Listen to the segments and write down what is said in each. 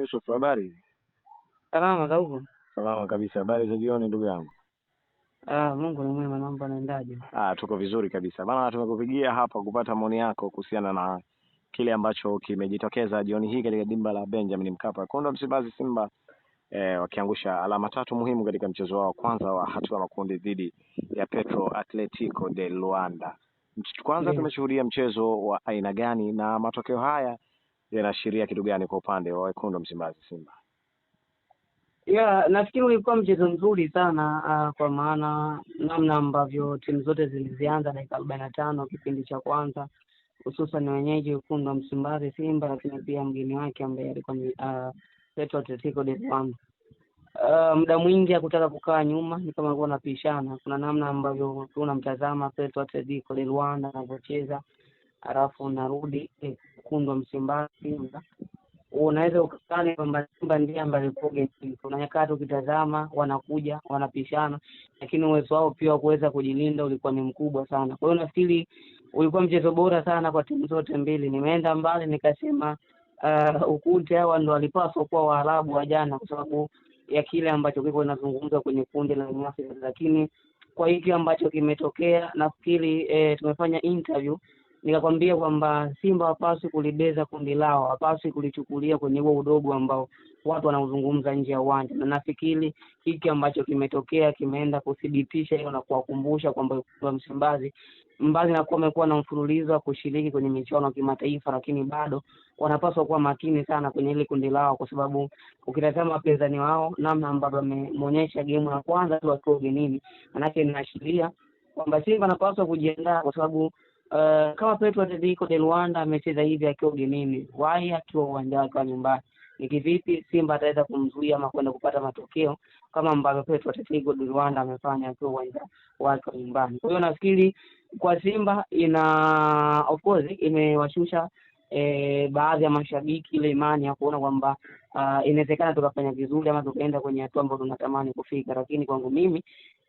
Yusuf, habari? Salama Kauko. Salama kabisa. Habari za jioni ndugu yangu? Ah, Mungu ni mwema. Mambo yanaendaje? Ah, tuko vizuri kabisa bana. Tumekupigia hapa kupata maoni yako kuhusiana na kile ambacho kimejitokeza jioni hii katika dimba la Benjamin Mkapa. Wekundu Msimbazi Simba eh, wakiangusha alama tatu muhimu katika mchezo wao kwanza wa hatua ya makundi dhidi ya Petro Atletico de Luanda. Kwanza yeah, tumeshuhudia mchezo wa aina gani na matokeo haya yanaashiria kitu gani kwa upande wa wekundu Msimbazi, Simba? Yeah, nafikiri ulikuwa mchezo mzuri sana uh, kwa maana namna ambavyo timu zote zilizianza dakika arobaini na tano kipindi cha kwanza, hususan wenyeji wekundu wa Msimbazi Simba, lakini pia mgeni wake ambaye alikuwa ni uh, Petro Atletico de Luanda. Uh, ah, muda mwingi hakutaka kukaa nyuma, ni kama alikuwa anapishana. Kuna namna ambavyo unamtazama Petro Atletico de Luanda anavyocheza, halafu unarudi eh, wekundu wa Msimbazi, unaweza ukakutana kwamba Simba ndiye ambaye kuna nyakati ukitazama wanakuja wanapishana, lakini uwezo wao pia wa kuweza kujilinda ulikuwa ni mkubwa sana. Kwa hiyo nafikiri ulikuwa mchezo bora sana kwa timu zote mbili. Nimeenda mbali nikasema, uh, Ukunte hawa ndo walipaswa kuwa Waarabu wa jana, kwa sababu ya kile ambacho kiko inazungumzwa kwenye kundi la Afrika, lakini kwa hiki ambacho kimetokea nafikiri eh, tumefanya interview nikakwambia kwamba Simba hapaswi kulibeza kundi lao, hapaswi kulichukulia kwenye huo udogo ambao watu wanaozungumza nje ya uwanja, na nafikiri hiki ambacho kimetokea kimeenda kuthibitisha hiyo na kuwakumbusha kwamba wa Msimbazi mbali na kuwa amekuwa na mfululizo wa kushiriki kwenye michuano ya kimataifa, lakini bado wanapaswa kuwa makini sana kwenye hili kundi lao, kwa sababu ukitazama wapinzani wao namna ambavyo wamemonyesha gemu ya kwanza tu wakiwa ugenini, manake inaashiria kwamba Simba anapaswa kujiandaa kwa sababu Uh, kama Petro atazidi kwenye Rwanda amecheza hivi akiwa ugenini, wahi akiwa uwanja wake wa nyumbani, ni kivipi Simba ataweza kumzuia ama kwenda kupata matokeo kama ambavyo Petro Atletico de Rwanda amefanya akiwa uwanja wake wa nyumbani? Kwa hiyo nafikiri kwa Simba ina of course imewashusha E, baadhi ya mashabiki ile imani ya kuona kwamba uh, inawezekana tukafanya vizuri ama tukaenda kwenye hatua ambayo tunatamani kufika, lakini kwangu mimi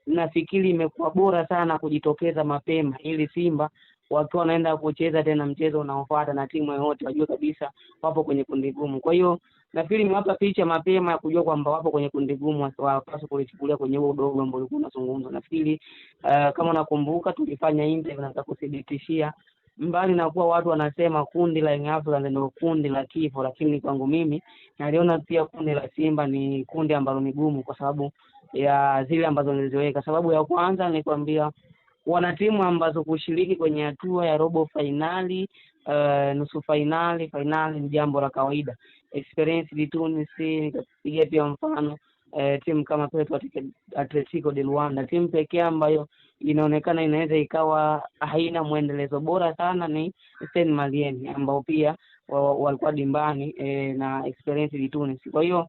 nafikiri imekuwa bora sana kujitokeza mapema ili Simba wakiwa wanaenda kucheza tena mchezo unaofuata na timu yoyote, wajue kabisa wapo kwenye kundi gumu. Kwa hiyo nafikiri nimewapa picha mapema ya kujua kwamba wapo kwenye kundi gumu, wapaswa kulichukulia kwenye huo udogo ambao ulikuwa unazungumzwa. Nafikiri uh, kama nakumbuka tulifanya interview na nikakuthibitishia mbali na kuwa watu wanasema kundi la Young Africans ndio kundi la kifo, lakini kwangu mimi naliona pia kundi la Simba ni kundi ambalo ni gumu kwa sababu ya zile ambazo niliziweka. Sababu ya kwanza nilikwambia wana timu ambazo kushiriki kwenye hatua ya robo fainali uh, eh, nusu fainali fainali ni jambo la kawaida. Experience di nikapiga pia mfano uh, timu kama Petro Atletico de Luanda, timu pekee ambayo inaonekana inaweza ikawa haina mwendelezo bora sana ni Stade Malien ambao pia walikuwa dimbani eh, na Experience di Kwa hiyo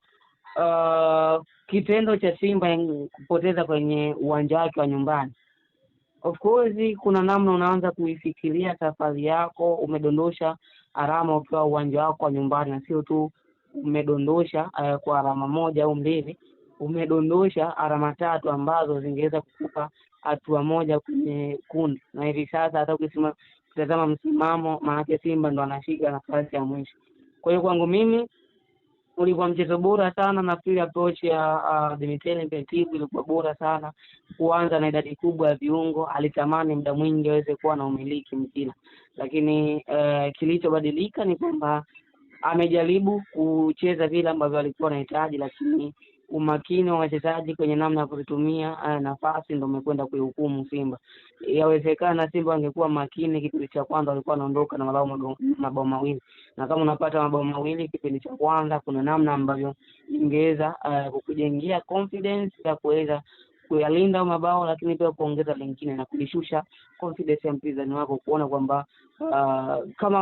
uh, kitendo cha Simba kupoteza kwenye uwanja wake wa nyumbani Of course kuna namna unaanza kuifikiria safari yako, umedondosha alama ukiwa uwanja wako wa nyumbani, na sio tu umedondosha uh, kwa alama moja au mbili, umedondosha alama tatu ambazo zingeweza kukupa hatua moja kwenye kundi, na hivi sasa hata ukisema tazama msimamo, maanake Simba ndo anashika nafasi ya mwisho. Kwa hiyo kwangu mimi ulikuwa mchezo bora sana. pili approach ya uh, Dimitri ilikuwa bora sana, kuanza na idadi kubwa ya viungo. Alitamani muda mwingi aweze kuwa na umiliki mpira, lakini uh, kilichobadilika ni kwamba amejaribu kucheza vile ambavyo alikuwa anahitaji, lakini umakini wa wachezaji kwenye namna ya kuzitumia haya nafasi ndio umekwenda kuihukumu Simba. Yawezekana Simba angekuwa makini kipindi cha kwanza, walikuwa wanaondoka na mabao mabao mawili, na kama unapata mabao mawili kipindi cha kwanza, kuna namna ambavyo ingeweza uh, eh, kukujengia confidence ya kuweza kuyalinda mabao lakini pia kuongeza lingine na kulishusha confidence ya mpinzani wako kuona kwamba uh, kama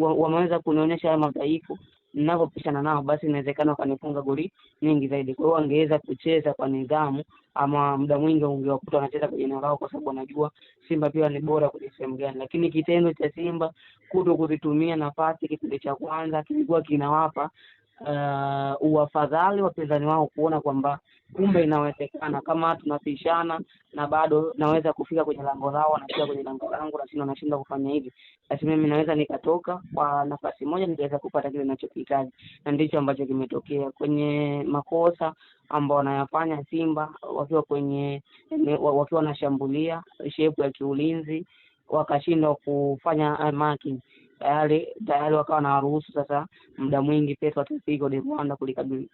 wameweza kunionyesha haya madhaifu ninavyopishana nao, basi inawezekana wakanifunga goli nyingi zaidi. Kwa hiyo wangeweza kucheza kwa nidhamu, ama muda mwingi ungewakuta wanacheza kwenye eneo lao, kwa sababu wanajua Simba pia ni bora kwenye sehemu gani. Lakini kitendo cha Simba kuto kuzitumia nafasi kipindi cha kwanza kilikuwa kinawapa uh, uwafadhali wapinzani wao kuona kwamba kumbe inawezekana kama tunapishana na bado naweza kufika kwenye lango lao, wanafika kwenye lango langu, lakini wanashindwa kufanya hivi, basi mimi naweza nikatoka kwa nafasi moja nikaweza kupata kile ninachokihitaji, na ndicho ambacho kimetokea kwenye makosa ambao wanayafanya Simba wakiwa kwenye wakiwa wanashambulia shepu ya kiulinzi wakashindwa kufanya marking tayari tayari wakawa na waruhusu sasa muda mwingi pesa Atletico Rwanda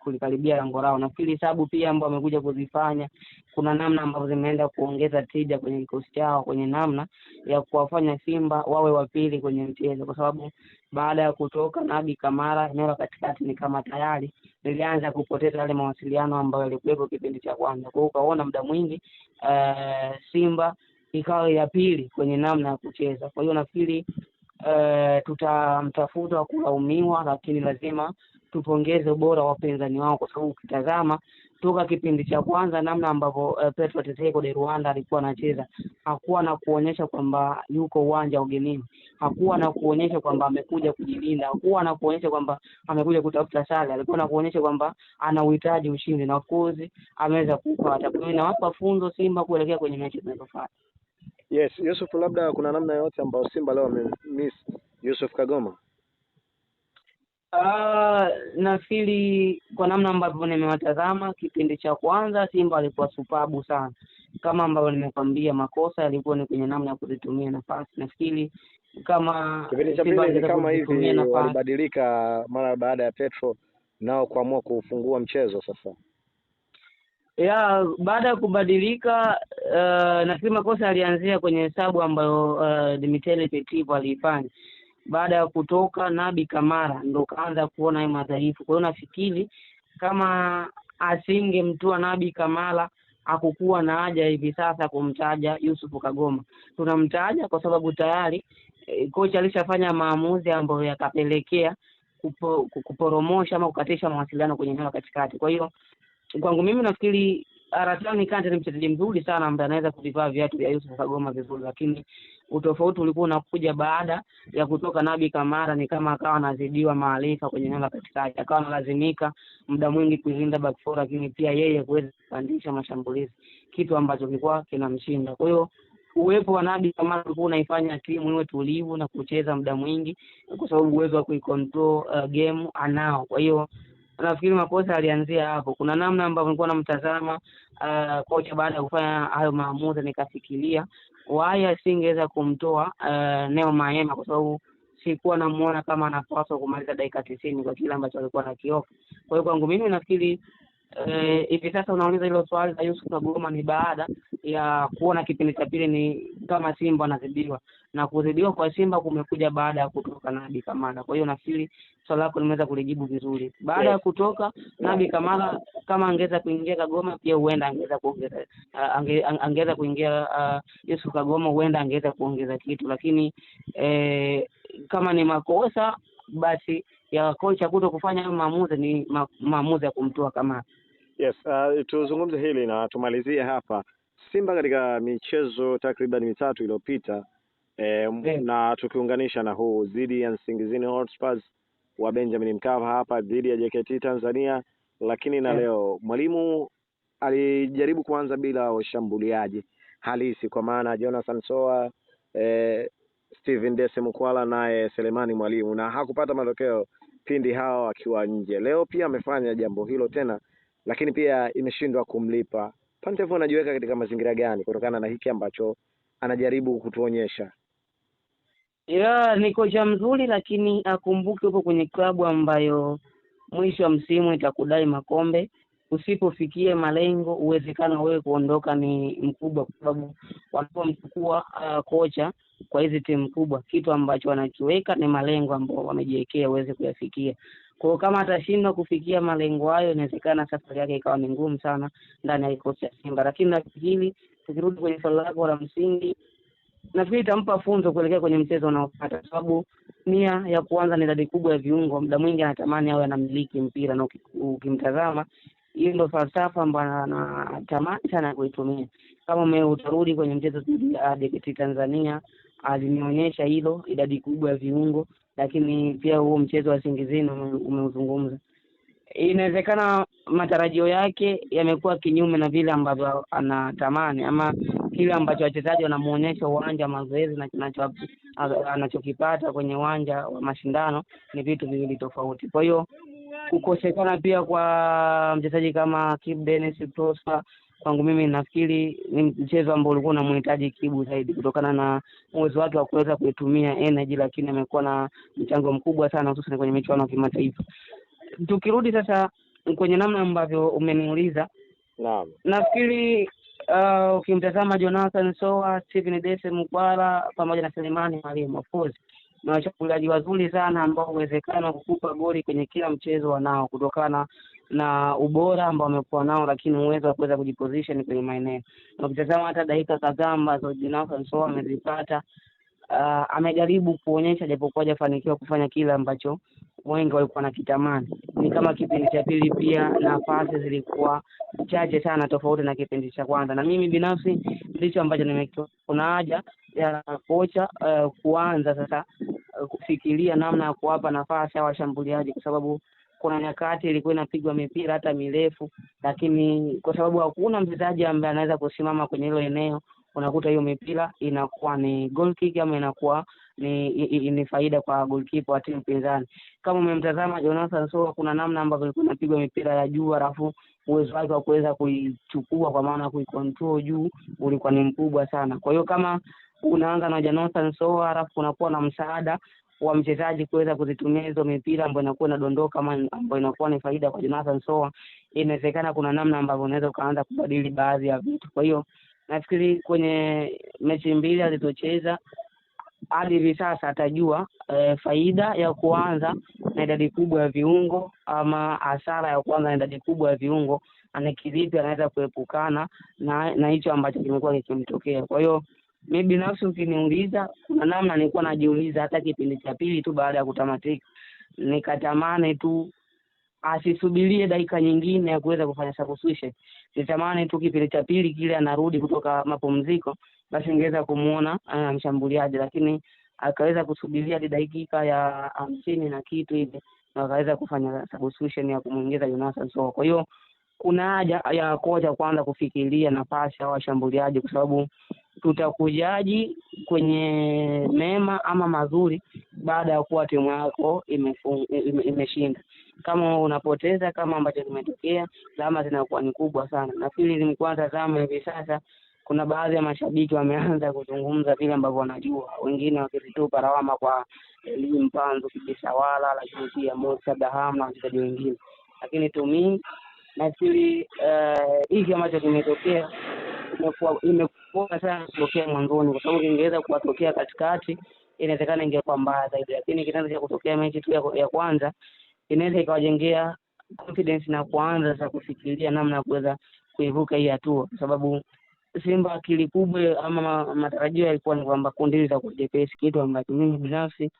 kulikaribia lango lao. Nafikiri hesabu pia ambao wamekuja kuzifanya, kuna namna ambazo zimeenda kuongeza tija kwenye kikosi chao, kwenye namna ya kuwafanya Simba wawe wa pili kwenye mchezo, kwa sababu baada ya kutoka Nabi Kamara, eneo la katikati ni kama tayari lilianza kupoteza yale mawasiliano ambayo yalikuwepo kipindi cha kwanza. Kwa hiyo ukaona muda mwingi uh, Simba ikawa ya pili kwenye namna ya kucheza. Kwa hiyo nafikiri e, tutamtafuta kulaumiwa, lakini lazima tupongeze ubora wa wapinzani wao, kwa sababu ukitazama toka kipindi cha kwanza namna ambavyo e, Petro Teteko de Rwanda alikuwa anacheza, hakuwa na kuonyesha kwamba yuko uwanja ugenini, hakuwa na kuonyesha kwamba amekuja kujilinda, hakuwa na kuonyesha kwamba amekuja kutafuta sare, alikuwa na kuonyesha kwamba ana uhitaji ushindi, na of course ameweza kupata. Kwa hiyo inawapa funzo Simba kuelekea kwenye mechi zinazofuata. Yes, Yusuf, labda kuna namna yoyote ambayo Simba leo wamemiss Yusuf Kagoma? Uh, nafikiri kwa namna ambavyo nimewatazama kipindi cha kwanza, Simba alikuwa supabu sana, kama ambavyo nimekwambia, makosa yalikuwa ni kwenye namna ya kuzitumia nafasi. Nafikiri kama kipindi cha pili kama hivi walibadilika mara baada ya Petro nao kuamua kufungua mchezo sasa ya baada ya kubadilika uh, eh, nafikiri makosa alianzia kwenye hesabu ambayo uh, eh, Dimitri Payet aliifanya baada ya kutoka Nabi Kamara, ndo kaanza kuona madhaifu. Kwa hiyo nafikiri kama asingemtua Nabi Kamara hakukuwa na haja hivi sasa kumtaja Yusufu Kagoma. Tunamtaja kwa sababu tayari e, kocha alishafanya maamuzi ambayo yakapelekea kupo, kuporomosha ama kukatisha mawasiliano kwenye eneo la katikati. Kwa hiyo kwangu mimi nafikiri Aratani Kante ni mchezaji mzuri sana ambaye anaweza kuvivaa viatu vya Yusuf Kagoma vizuri, lakini utofauti ulikuwa unakuja baada ya kutoka Nabi Kamara, ni kama akawa anazidiwa maarifa kwenye eneo la katikati, akawa analazimika muda mwingi kuilinda back four, lakini pia yeye kuweza kupandisha mashambulizi, kitu ambacho kilikuwa kinamshinda. Kwa hiyo uwepo wa Nabi Kamara ulikuwa unaifanya timu iwe tulivu na kucheza muda mwingi, kwa sababu uwezo wa kuicontrol uh, game anao. Kwa hiyo Nafikiri makosa alianzia hapo. Kuna namna ambavyo nilikuwa namtazama uh, kocha baada ya kufanya hayo maamuzi, nikafikiria waya asingeweza kumtoa uh, ah, Neo Maema kwa sababu sikuwa namuona kama anapaswa kumaliza dakika tisini kwa kile ambacho alikuwa na kiofa. Kwa hiyo kwangu mimi nafikiri Eh, hivi e, sasa unauliza hilo swali la Yusuf Kagoma ni baada ya kuona kipindi cha pili ni kama Simba anazidiwa na kuzidiwa kwa Simba kumekuja baada ya kutoka Nabi Kamara. Kwa hiyo nafikiri swali lako limeweza kulijibu vizuri. Baada ya kutoka Nabi Kamara, kama angeza kuingia Kagoma, pia huenda angeza kuongeza uh, ange, angeweza kuingia uh, Yusuf Kagoma, huenda angeza kuongeza kitu, lakini eh, kama ni makosa basi ya kocha kuto kufanya hayo maamuzi ni maamuzi ya kumtoa Kamara. Yes, uh, tuzungumze hili na tumalizie hapa. Simba katika michezo takriban mitatu iliyopita e, na tukiunganisha na huu dhidi ya Nsingizini Hotspurs wa Benjamin Mkapa hapa dhidi ya JKT Tanzania, lakini na leo mwalimu alijaribu kuanza bila washambuliaji halisi kwa maana Jonathan Soa eh, Steven Dese Mukwala naye Selemani Mwalimu, na hakupata matokeo pindi hawa wakiwa nje. Leo pia amefanya jambo hilo tena lakini pia imeshindwa kumlipa. Pantev anajiweka katika mazingira gani kutokana na hiki ambacho anajaribu kutuonyesha? ya ni kocha mzuri, lakini akumbuke upo kwenye klabu ambayo mwisho wa msimu itakudai makombe usipofikia malengo, uwezekano wewe kuondoka ni mkubwa, kwa sababu wanapomchukua uh, kocha kwa hizi timu kubwa, kitu ambacho wanakiweka ni malengo ambayo wamejiwekea uweze kuyafikia. Kwa hiyo kama atashindwa kufikia malengo hayo, inawezekana safari yake ikawa ni ngumu sana ndani ya kikosi cha Simba. Lakini nafikiri tukirudi kwenye swali lako la msingi, nafikiri itampa funzo kuelekea kwenye mchezo unaofuata, kwa sababu nia ya kuanza ni idadi kubwa ya viungo. Muda mwingi anatamani awe anamiliki mpira, na ukimtazama hiyo ndo falsafa ambayo anatamani sana kuitumia. Kama me utarudi kwenye mchezo dhidi Tanzania, alinionyesha hilo, idadi kubwa ya viungo, lakini pia huo mchezo wa Singizini umeuzungumza. Inawezekana matarajio yake yamekuwa kinyume na vile ambavyo anatamani ama kile ambacho wachezaji wanamuonyesha uwanja wa mazoezi na anachokipata kwenye uwanja wa mashindano ni vitu viwili tofauti. Kwa hiyo kukosekana pia kwa mchezaji kama Kibu Dennis Prosper kwangu mimi nafikiri ni mchezo ambao ulikuwa unamhitaji Kibu zaidi kutokana na uwezo wake wa kuweza kuitumia energy, lakini amekuwa na mchango mkubwa sana hususan kwenye michuano ya kimataifa. Tukirudi sasa kwenye namna ambavyo umeniuliza, naam, nafikiri uh, ukimtazama uh, Jonathan Soa, Steven Dese Mukwala pamoja na Selemani Mwalimu of course na washambuliaji wazuri sana ambao uwezekano kukupa goli kwenye kila mchezo wanao kutokana na ubora ambao wamekuwa nao, lakini uwezo wa kuweza kujiposition kwenye maeneo. Na ukitazama hata dakika kadhaa ambazo Jonathan amezipata, uh, amejaribu kuonyesha japokuwa hajafanikiwa kufanya kile ambacho wengi walikuwa na kitamani. Ni kama kipindi cha pili pia nafasi zilikuwa chache sana, tofauti na kipindi cha kwanza, na mimi binafsi ndicho ambacho nimekiona kuna haja ya kocha uh, kuanza sasa uh, kufikiria namna ya kuwapa nafasi hao washambuliaji, kwa sababu kuna nyakati ilikuwa inapigwa mipira hata mirefu, lakini kwa sababu hakuna mchezaji ambaye anaweza kusimama kwenye hilo eneo, unakuta hiyo mipira inakuwa ni goal kick ama inakuwa ni, i, i, ni faida kwa goalkeeper wa timu pinzani. Kama umemtazama Jonathan Soa, kuna namna ambavyo ilikuwa inapigwa mipira ya juu alafu uwezo wake wa kuweza kuichukua kwa maana kuikontrol juu ulikuwa ni mkubwa sana. Kwa hiyo kama unaanza na Jonathan Soa, alafu unakuwa na msaada wa mchezaji kuweza kuzitumia hizo mipira ambayo inakuwa inadondoka ama ambayo inakuwa ni faida kwa Jonathan Soa. Inawezekana kuna namna ambavyo unaweza ukaanza kubadili baadhi ya vitu. Kwa hiyo nafikiri kwenye mechi mbili alizocheza hadi hivi sasa atajua e, faida ya kuanza na idadi kubwa ya viungo ama hasara ya kuanza na idadi kubwa ya viungo, ana kivipi anaweza kuepukana na na hicho ambacho kimekuwa kikimtokea. Kwa hiyo mi binafsi ukiniuliza, kuna namna nilikuwa najiuliza hata kipindi cha pili tu baada ya kutamatika, nikatamani tu asisubirie dakika nyingine ya kuweza kufanya substitution. Nitamani tu kipindi cha pili kile anarudi kutoka mapumziko, basi ningeweza kumuona uh, mshambuliaji, lakini akaweza kusubiria hadi dakika ya hamsini na kitu hivi, na akaweza kufanya substitution ya kumwingiza Jonathan Soa. Kwa hiyo kuna haja ya kocha kwanza kufikiria nafasi ya washambuliaji, kwa sababu tutakujaji kwenye mema ama mazuri baada ya kuwa timu yako imeshinda ime, ime kama unapoteza kama ambacho kimetokea, lama zinakuwa ni kubwa sana. Nafikiri nilikuwa natazama hivi sasa, kuna baadhi ya mashabiki wameanza kuzungumza vile ambavyo wanajua, wengine wakizitupa lawama kwa Elie Mpanzu, lakini pia mosa Daham na wachezaji wengine, lakini tumii nafikiri eh, hiki uh, ambacho kimetokea imekuwa sana kutokea mwanzoni, kwa sababu kingeweza kuwatokea katikati, inawezekana ingekuwa mbaya zaidi, lakini kitendo cha kutokea mechi tu ya, kwanza inaweza ikawajengea confidence na kuanza sasa kufikiria namna ya kuweza kuivuka hii hatua, kwa sababu Simba akili kubwa ama matarajio yalikuwa ni kwamba kundi litakuwa jepesi, kitu ambacho mimi binafsi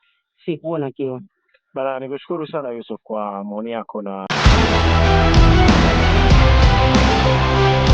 sikuwa kiona. Bana, nikushukuru sana Yusuf kwa maoni yako na Thank you.